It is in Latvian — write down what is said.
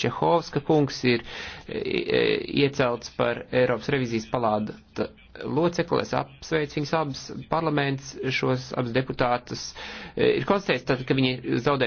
Čehovska kungs ir e, e, iecelts par Eiropas revizijas palādu locekli. Es apsveicu viņus abus parlaments, šos abus deputātus. E, ir konstatēts, tad, ka viņi zaudē